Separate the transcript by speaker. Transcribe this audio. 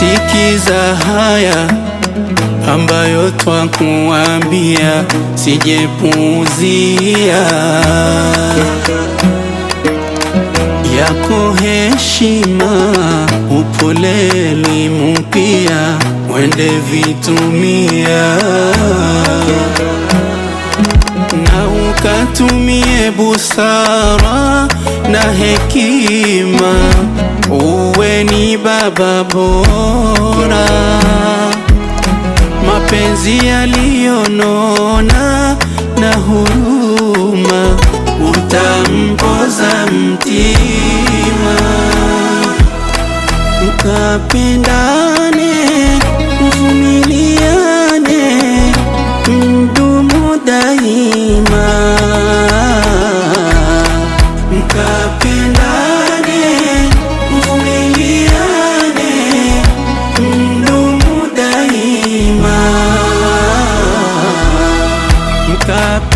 Speaker 1: Sikiza haya ambayo twakuambia, sijepuuzia yako heshima, upole, elimu pia wende vitumia na ukatumie busara na hekima baba bora, mapenzi yaliyonona na huruma, utampoza mtima, mkapendane mvumiliane закат